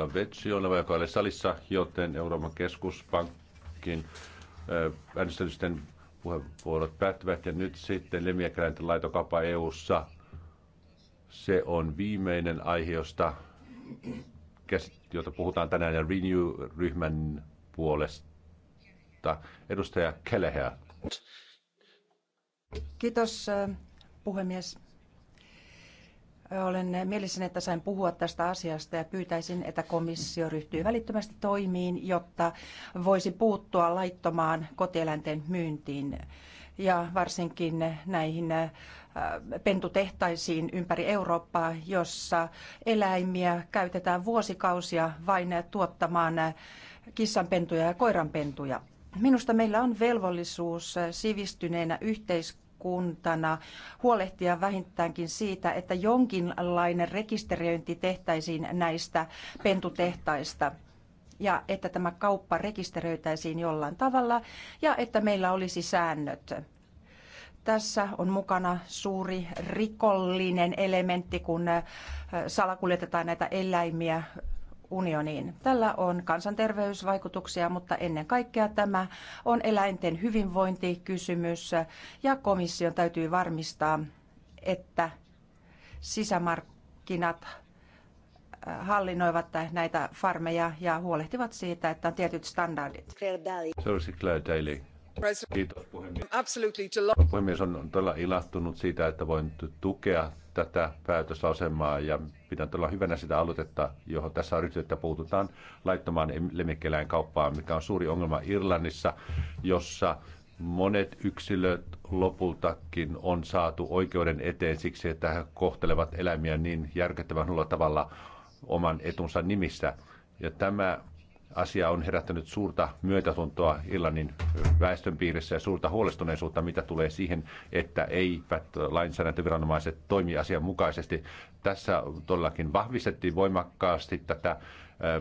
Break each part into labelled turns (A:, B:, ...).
A: kollega Vetsionova, joka oli salissa, joten Euroopan keskuspankin äh, äänestysten puheenvuorot päättyvät. Ja nyt sitten lemiäkäläinten laitokapa EU-ssa. Se on viimeinen aihe, josta, jota puhutaan tänään ja Renew-ryhmän puolesta. Edustaja Kelleher.
B: Kiitos äh, puhemies. Olen mielissäni, että sain puhua tästä asiasta ja pyytäisin, että komissio ryhtyy välittömästi toimiin, jotta voisi puuttua laittomaan kotieläinten myyntiin ja varsinkin näihin äh, pentutehtaisiin ympäri Eurooppaa, jossa eläimiä käytetään vuosikausia vain tuottamaan äh, kissanpentuja ja koiranpentuja. Minusta meillä on velvollisuus äh, sivistyneenä yhteiskuntana Kuntana huolehtia vähintäänkin siitä, että jonkinlainen rekisteröinti tehtäisiin näistä pentutehtaista ja että tämä kauppa rekisteröitäisiin jollain tavalla ja että meillä olisi säännöt. Tässä on mukana suuri rikollinen elementti, kun salakuljetetaan näitä eläimiä unioniin. Tällä on kansanterveysvaikutuksia, mutta ennen kaikkea tämä on eläinten hyvinvointikysymys ja komission täytyy varmistaa, että sisämarkkinat äh, hallinnoivat näitä farmeja ja huolehtivat siitä, että on tietyt standardit.
A: Seuraavaksi Claire Daly Kiitos puhemies. Puhemies on, todella ilahtunut siitä, että voin tukea tätä päätösasemaa ja pidän todella hyvänä sitä aloitetta, johon tässä on ryhtynyt, että puututaan laittomaan lemmikkieläinkauppaan, kauppaan, mikä on suuri ongelma Irlannissa, jossa monet yksilöt lopultakin on saatu oikeuden eteen siksi, että he kohtelevat eläimiä niin järkyttävän huonolla tavalla oman etunsa nimissä. Ja tämä asia on herättänyt suurta myötätuntoa Irlannin väestönpiirissä ja suurta huolestuneisuutta, mitä tulee siihen, että eivät lainsäädäntöviranomaiset toimi mukaisesti. Tässä todellakin vahvistettiin voimakkaasti tätä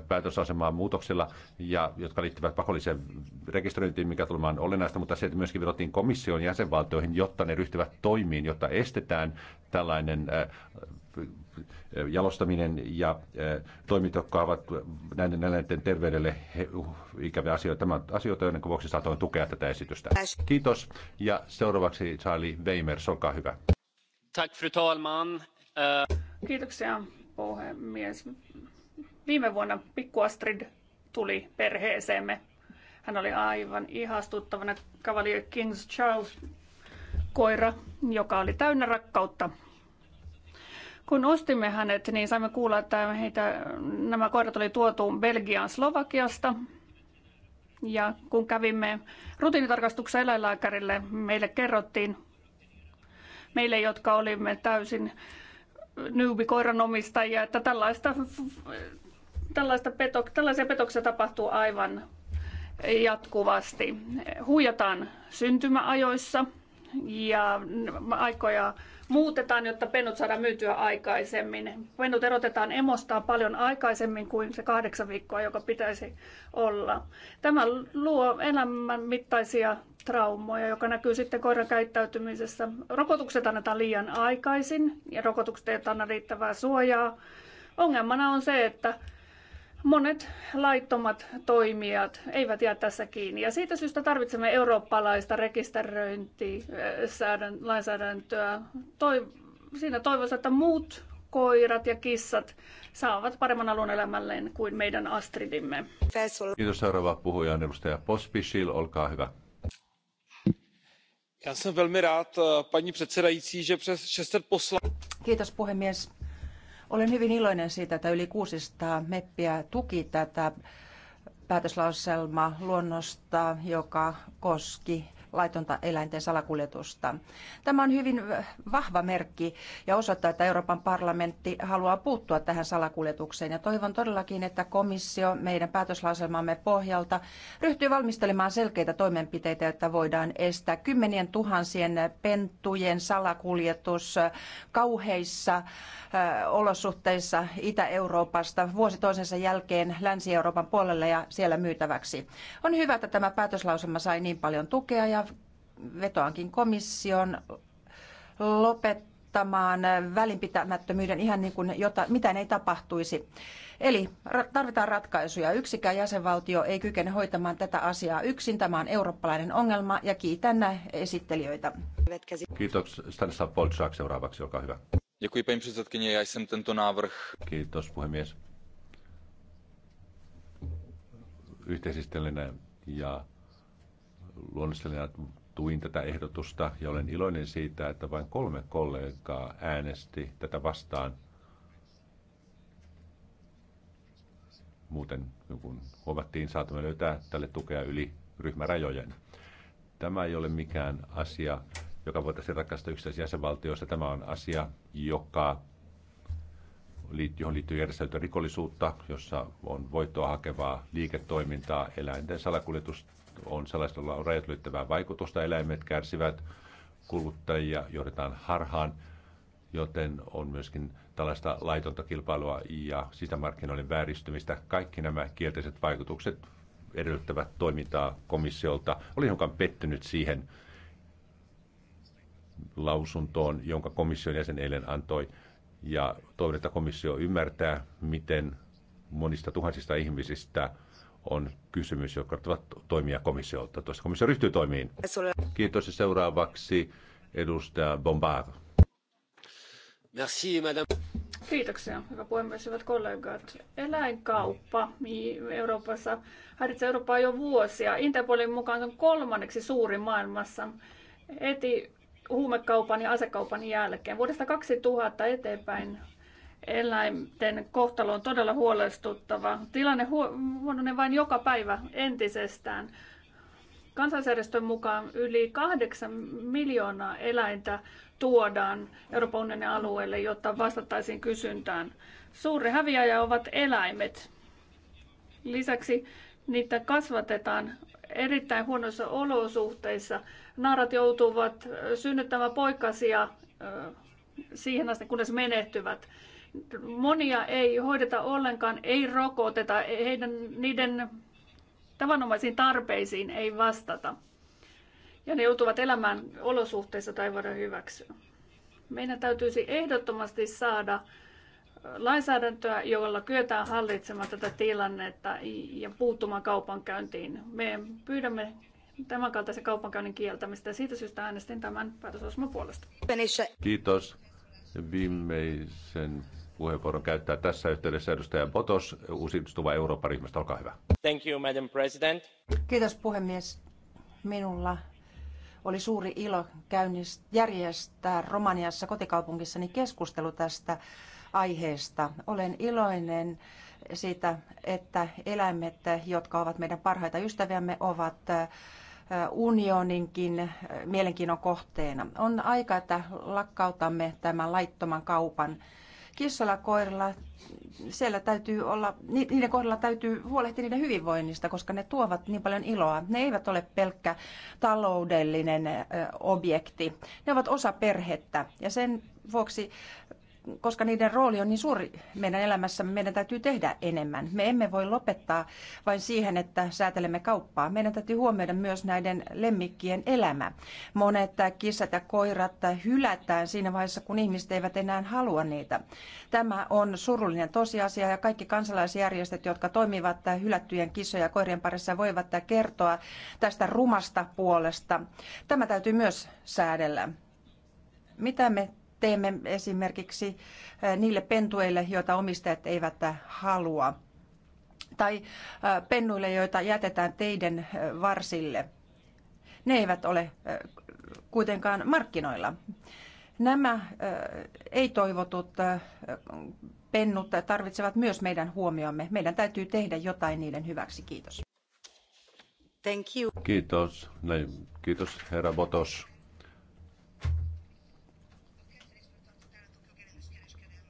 A: päätösasemaa muutoksilla, ja, jotka liittyvät pakolliseen rekisteröintiin, mikä tulemaan olennaista, mutta se, että myöskin vedottiin komission jäsenvaltioihin, jotta ne ryhtyvät toimiin, jotta estetään tällainen Eh, jalostaminen ja eh, toimit, jotka ovat näiden näiden terveydelle uh, ikäviä asioita. Tämä asioita, joiden vuoksi saatoin tukea tätä esitystä. Kiitos. Ja seuraavaksi Charlie Weimers, olkaa hyvä.
C: Tack, fru talman. Eh. Kiitoksia, puhemies. Viime vuonna pikku Astrid tuli perheeseemme. Hän oli aivan ihastuttavana Cavalier Kings Charles koira, joka oli täynnä rakkautta kun ostimme hänet, niin saimme kuulla, että heitä, nämä koirat oli tuotu Belgiaan Slovakiasta. Ja kun kävimme rutiinitarkastuksen eläinlääkärille, meille kerrottiin, meille jotka olimme täysin newbie-koiran omistajia, että tällaista, tällaista petok, tällaisia petoksia tapahtuu aivan jatkuvasti. Huijataan syntymäajoissa ja aikoja muutetaan, jotta pennut saadaan myytyä aikaisemmin. Pennut erotetaan emostaan paljon aikaisemmin kuin se kahdeksan viikkoa, joka pitäisi olla. Tämä luo elämän mittaisia traumoja, joka näkyy sitten koiran käyttäytymisessä. Rokotukset annetaan liian aikaisin ja rokotukset eivät anna riittävää suojaa. Ongelmana on se, että monet laittomat toimijat eivät jää tässä kiinni. Ja siitä syystä tarvitsemme eurooppalaista rekisteröintilainsäädäntöä. Toi, siinä toivoisin, että muut koirat ja kissat saavat paremman alun elämälleen kuin meidän Astridimme.
A: Kiitos seuraava puhuja on edustaja Pospisil, olkaa hyvä.
B: Kiitos puhemies olen hyvin iloinen siitä, että yli 600 meppiä tuki tätä päätöslauselma luonnosta, joka koski laitonta eläinten salakuljetusta. Tämä on hyvin vahva merkki ja osoittaa, että Euroopan parlamentti haluaa puuttua tähän salakuljetukseen. Ja toivon todellakin, että komissio meidän päätöslauselmamme pohjalta ryhtyy valmistelemaan selkeitä toimenpiteitä, että voidaan estää kymmenien tuhansien pentujen salakuljetus kauheissa olosuhteissa Itä-Euroopasta vuosi toisensa jälkeen Länsi-Euroopan puolelle ja siellä myytäväksi. On hyvä, että tämä päätöslauselma sai niin paljon tukea ja vetoankin komission lopettamaan välinpitämättömyyden ihan niin kuin jota, mitään ei tapahtuisi. Eli tarvitaan ratkaisuja. Yksikään jäsenvaltio ei kykene hoitamaan tätä asiaa yksin. Tämä on eurooppalainen ongelma ja kiitän esittelijöitä.
A: Kiitos Stanislav Polčák seuraavaksi, olkaa hyvä. Kiitos, puhemies. Yhteisistellinen ja luonnollisena tuin tätä ehdotusta ja olen iloinen siitä, että vain kolme kollegaa äänesti tätä vastaan. Muuten, niin kun huomattiin, saatamme löytää tälle tukea yli ryhmärajojen. Tämä ei ole mikään asia, joka voitaisiin ratkaista yksittäisissä jäsenvaltioissa. Tämä on asia, joka johon liittyy järjestäytyä rikollisuutta, jossa on voittoa hakevaa liiketoimintaa, eläinten salakuljetusta, on sellaista, jolla on rajat ylittävää vaikutusta. Eläimet kärsivät, kuluttajia johdetaan harhaan, joten on myöskin tällaista laitonta kilpailua ja sisämarkkinoiden vääristymistä. Kaikki nämä kielteiset vaikutukset edellyttävät toimintaa komissiolta. Olin hiukan pettynyt siihen lausuntoon, jonka komission jäsen eilen antoi. Ja toivon, että komissio ymmärtää, miten monista tuhansista ihmisistä – on kysymys, joka ovat toimia komissiolta. Tuosta komissio ryhtyy toimiin. Kiitos ja seuraavaksi edustaja Bombard. Merci, madame.
C: Kiitoksia, hyvä puhemies, hyvät kollegat. Eläinkauppa Euroopassa häiritsee Eurooppaa jo vuosia. Interpolin mukaan on kolmanneksi suuri maailmassa. Eti huumekaupan ja asekaupan jälkeen. Vuodesta 2000 eteenpäin eläinten kohtalo on todella huolestuttava. Tilanne huononee vain joka päivä entisestään. Kansallisjärjestön mukaan yli kahdeksan miljoonaa eläintä tuodaan Euroopan unionin alueelle, jotta vastattaisiin kysyntään. Suuri häviäjä ovat eläimet. Lisäksi niitä kasvatetaan erittäin huonoissa olosuhteissa. Naarat joutuvat synnyttämään poikasia siihen asti, kunnes menehtyvät monia ei hoideta ollenkaan, ei rokoteta, heidän, niiden tavanomaisiin tarpeisiin ei vastata. Ja ne joutuvat elämään olosuhteissa tai voida hyväksyä. Meidän täytyisi ehdottomasti saada lainsäädäntöä, jolla kyetään hallitsemaan tätä tilannetta ja puuttumaan kaupankäyntiin. Me pyydämme tämän kaltaisen kaupankäynnin kieltämistä ja siitä syystä äänestin tämän päätösosman puolesta.
A: Kiitos. Viimeisen puheenvuoron käyttää tässä yhteydessä edustaja Potos, uusiutuva Euroopan ryhmästä Olkaa hyvä. Thank you, Madam President.
B: Kiitos puhemies. Minulla oli suuri ilo käynnist, järjestää Romaniassa kotikaupungissani keskustelu tästä aiheesta. Olen iloinen siitä, että eläimet, jotka ovat meidän parhaita ystäviämme, ovat unioninkin mielenkiinnon kohteena. On aika, että lakkautamme tämän laittoman kaupan kissalla koirilla, siellä täytyy olla, niiden kohdalla täytyy huolehtia niiden hyvinvoinnista, koska ne tuovat niin paljon iloa. Ne eivät ole pelkkä taloudellinen objekti. Ne ovat osa perhettä ja sen vuoksi koska niiden rooli on niin suuri meidän elämässä, meidän täytyy tehdä enemmän. Me emme voi lopettaa vain siihen, että säätelemme kauppaa. Meidän täytyy huomioida myös näiden lemmikkien elämä. Monet kissat ja koirat hylätään siinä vaiheessa, kun ihmiset eivät enää halua niitä. Tämä on surullinen tosiasia ja kaikki kansalaisjärjestöt, jotka toimivat hylättyjen kissojen ja koirien parissa, voivat kertoa tästä rumasta puolesta. Tämä täytyy myös säädellä mitä me teemme esimerkiksi eh, niille pentueille, joita omistajat eivät eh, halua, tai eh, pennuille, joita jätetään teiden varsille. Ne eivät ole kuitenkaan markkinoilla. Nämä ei-toivotut pennut tarvitsevat myös meidän huomiomme. Meidän täytyy tehdä jotain niiden hyväksi. Kiitos. Thank you.
A: Kiitos. Näin. Kiitos herra Botos.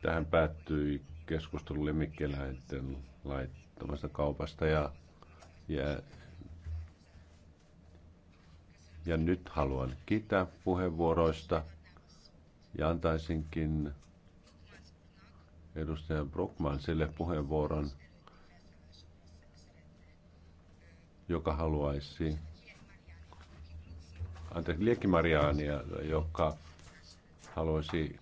A: Tähän päättyi keskustelu lemmikkieläinten laittomasta kaupasta ja, ja, ja nyt haluan kiittää puheenvuoroista ja antaisinkin edustaja Brockman sille puheenvuoron, joka haluaisi anteeksi, Liekki Mariaania, joka haluaisi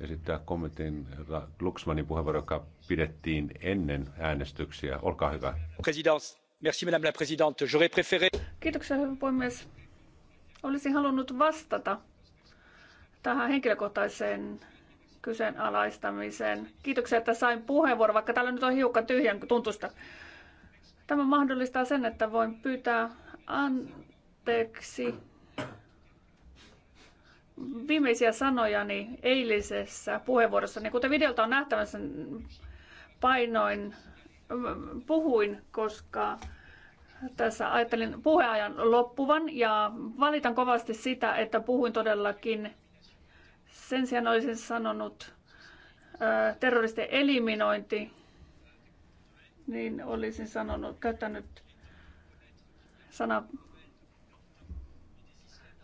A: esittää kommentin herra Luxmanin puheenvuoro, joka pidettiin ennen äänestyksiä. Olkaa hyvä. Merci, madame la présidente. préféré...
C: Kiitoksia, hyvä puhemies. Olisin halunnut vastata tähän henkilökohtaiseen kyseenalaistamiseen. Kiitoksia, että sain puheenvuoron, vaikka täällä nyt on hiukan tyhjän tuntusta. Tämä mahdollistaa sen, että voin pyytää anteeksi viimeisiä sanojani eilisessä puheenvuorossani. Kuten videolta on nähtävänsä, painoin, mm, puhuin, koska tässä ajattelin puheajan loppuvan ja valitan kovasti sitä, että puhuin todellakin. Sen sijaan olisin sanonut terroristen eliminointi, niin olisin sanonut, käyttänyt sana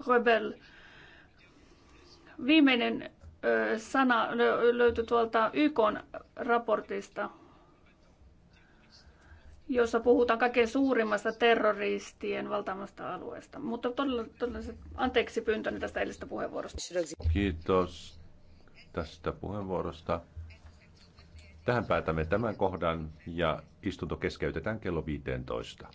C: rebel Viimeinen sana löytyi tuolta YKn raportista, jossa puhutaan kaikkein suurimmasta terroristien valtavasta alueesta. Mutta todella, todella anteeksi pyyntöni tästä edellisestä puheenvuorosta.
A: Kiitos tästä puheenvuorosta. Tähän päätämme tämän kohdan ja istunto keskeytetään kello 15.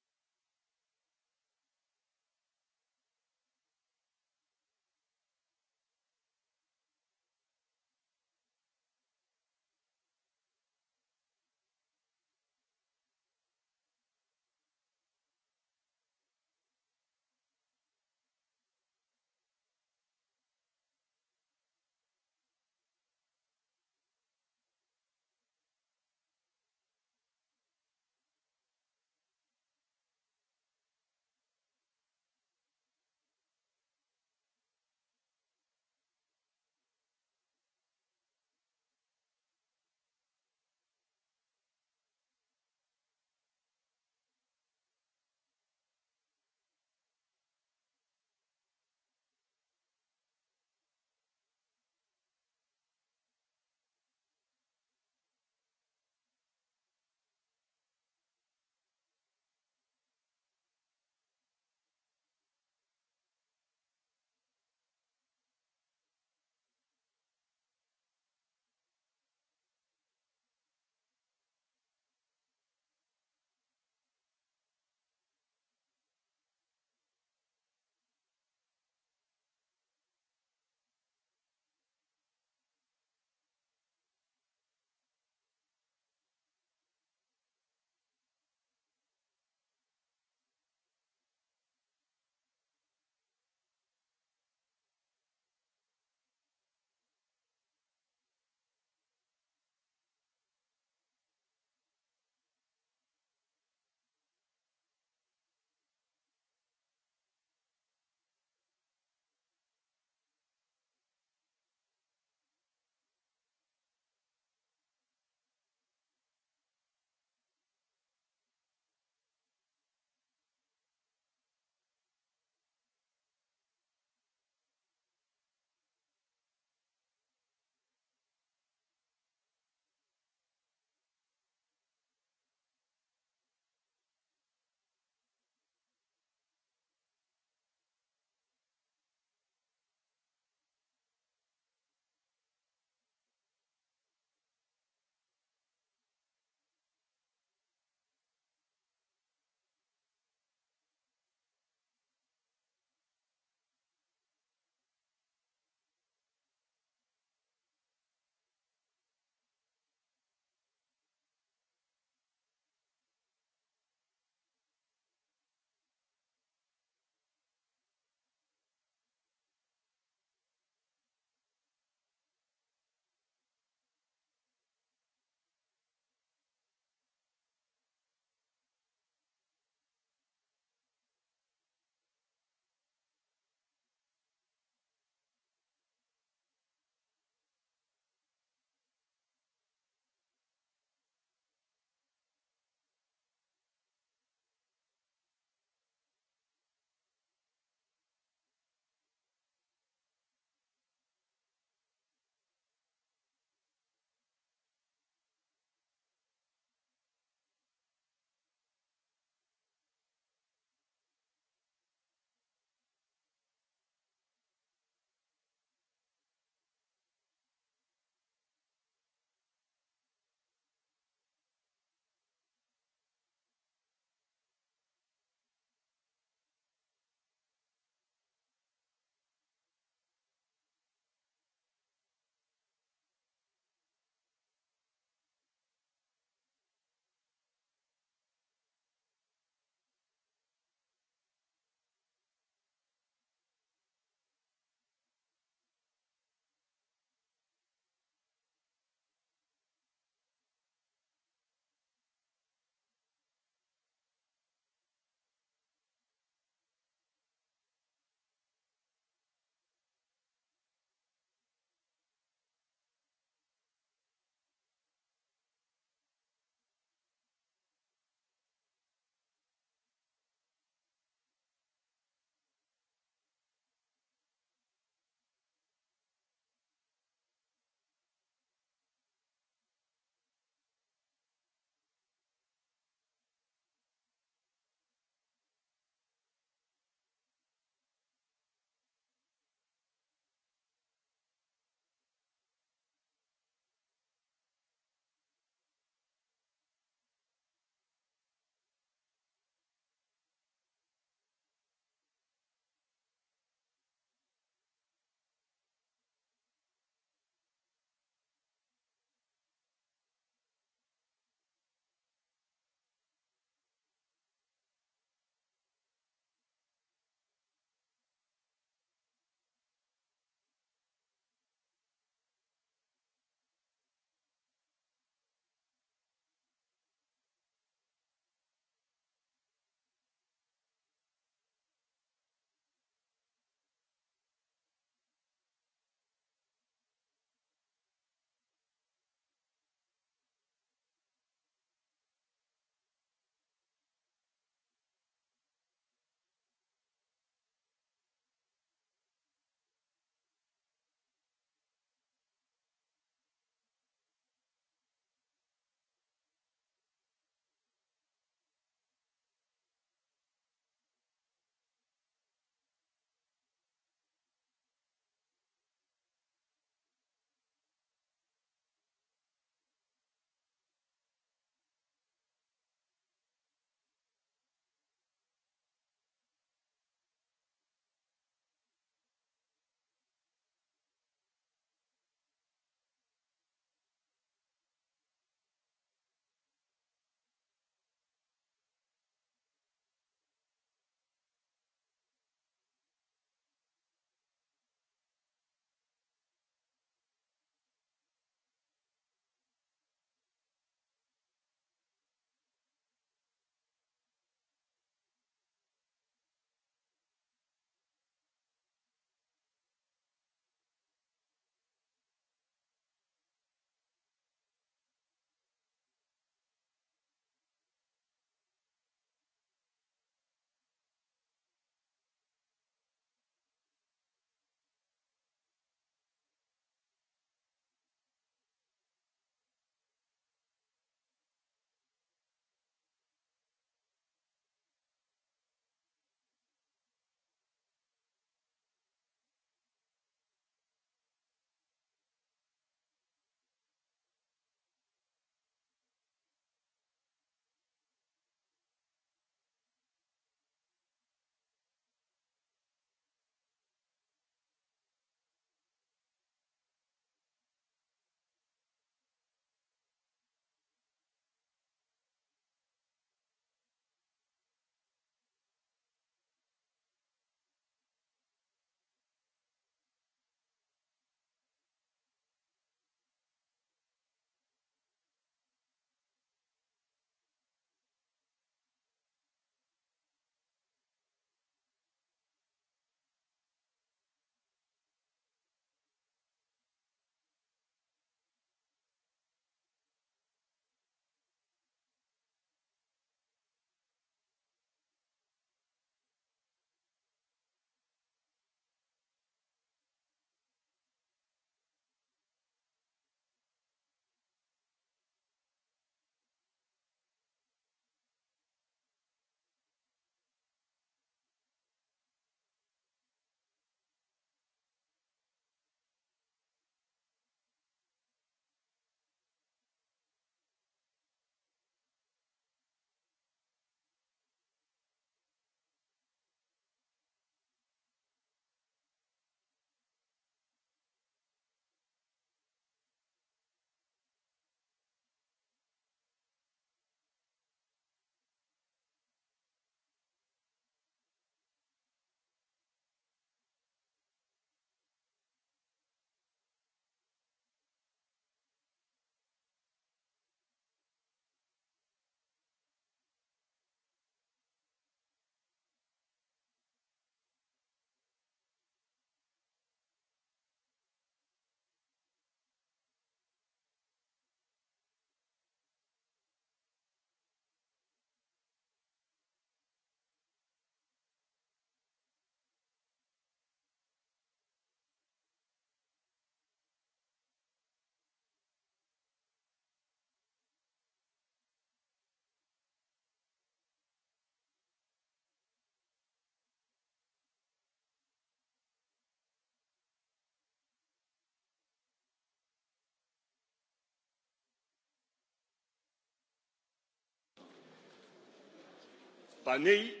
A: pa
B: nej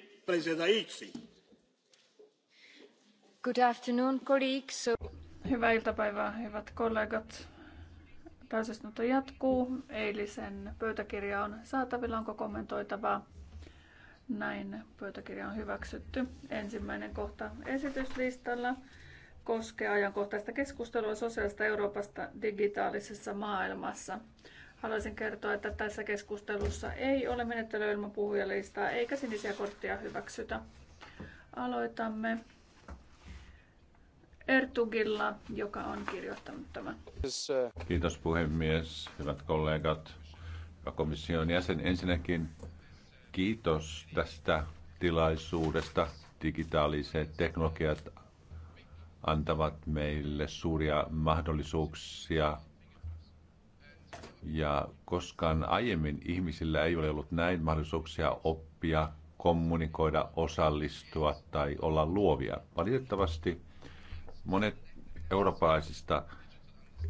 C: Good afternoon, colleagues. Hyvää iltapäivää, hyvät kollegat. Täysistunto jatkuu. Eilisen pöytäkirja on saatavilla. Onko kommentoitavaa? Näin pöytäkirja on hyväksytty. Ensimmäinen kohta esityslistalla koskee ajankohtaista keskustelua sosiaalista Euroopasta digitaalisessa maailmassa. Haluaisin kertoa, että tässä keskustelussa ei ole menettelyä ilman puhujalistaa eikä sinisiä korttia hyväksytä. Aloitamme Ertugilla, joka on kirjoittanut tämän.
A: Kiitos puhemies, hyvät kollegat, ja komission jäsen. Ensinnäkin kiitos tästä tilaisuudesta. Digitaaliset teknologiat antavat meille suuria mahdollisuuksia ja koskaan aiemmin ihmisillä ei ole ollut näin mahdollisuuksia oppia, kommunikoida, osallistua tai olla luovia. Valitettavasti monet eurooppalaisista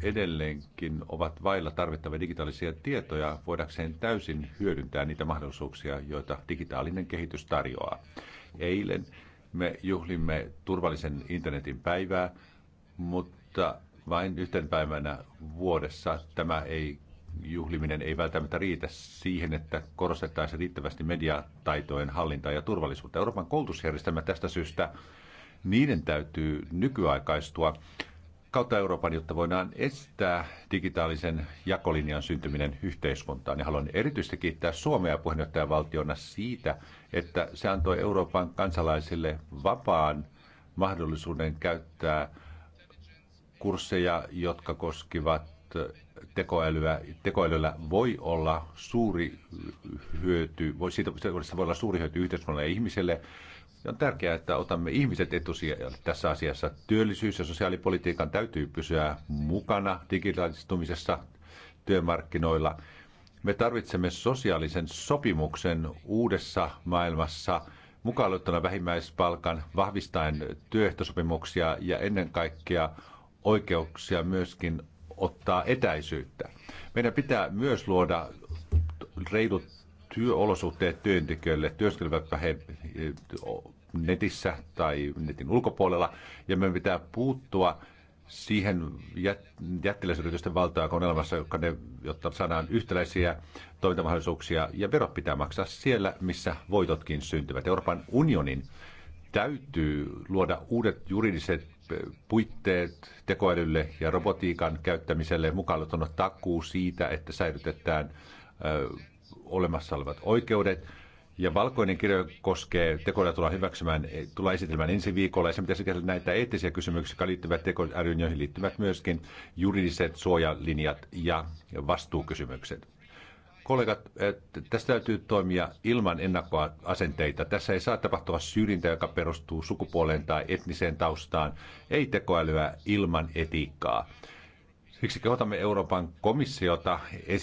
A: edelleenkin ovat vailla tarvittavia digitaalisia tietoja voidakseen täysin hyödyntää niitä mahdollisuuksia, joita digitaalinen kehitys tarjoaa. Eilen me juhlimme turvallisen internetin päivää, mutta vain yhten päivänä vuodessa tämä ei juhliminen ei välttämättä riitä siihen, että korostettaisiin riittävästi mediataitojen hallintaa ja turvallisuutta. Euroopan koulutusjärjestelmä tästä syystä, niiden täytyy nykyaikaistua kautta Euroopan, jotta voidaan estää digitaalisen jakolinjan syntyminen yhteiskuntaan. Ja haluan erityisesti kiittää Suomea puheenjohtajavaltiona siitä, että se antoi Euroopan kansalaisille vapaan mahdollisuuden käyttää kursseja, jotka koskivat tekoälyä, tekoälyllä voi olla suuri hyöty, voi, siitä, siitä voi olla suuri hyöty yhteiskunnalle ja ihmiselle. Ja on tärkeää, että otamme ihmiset etusijalle tässä asiassa. Työllisyys- ja sosiaalipolitiikan täytyy pysyä mukana digitalistumisessa työmarkkinoilla. Me tarvitsemme sosiaalisen sopimuksen uudessa maailmassa mukaan vähimmäispalkan, vahvistaen työehtosopimuksia ja ennen kaikkea oikeuksia myöskin ottaa etäisyyttä. Meidän pitää myös luoda reilut työolosuhteet työntekijöille, työskentelevätpä he eh, netissä tai netin ulkopuolella, ja meidän pitää puuttua siihen jättiläisyritysten valtaa, joka on olemassa, jotka ne, jotta saadaan yhtäläisiä toimintamahdollisuuksia, ja verot pitää maksaa siellä, missä voitotkin syntyvät. Euroopan unionin täytyy luoda uudet juridiset puitteet tekoälylle ja robotiikan käyttämiselle, mukaan on takuu siitä, että säilytetään olemassa olevat oikeudet. Ja valkoinen kirja koskee tekoälyä tulla hyväksymään, e, tulla esitelmään ensi viikolla. Ja se pitäisi käsitellä näitä eettisiä kysymyksiä, jotka liittyvät tekoälyyn, joihin liittyvät myöskin juridiset suojalinjat ja vastuukysymykset kollegat, tässä täytyy toimia ilman ennakkoa asenteita. Tässä ei saa tapahtua syrjintä, joka perustuu sukupuoleen tai etniseen taustaan. Ei tekoälyä ilman etiikkaa. Siksi kehotamme Euroopan komissiota esittämään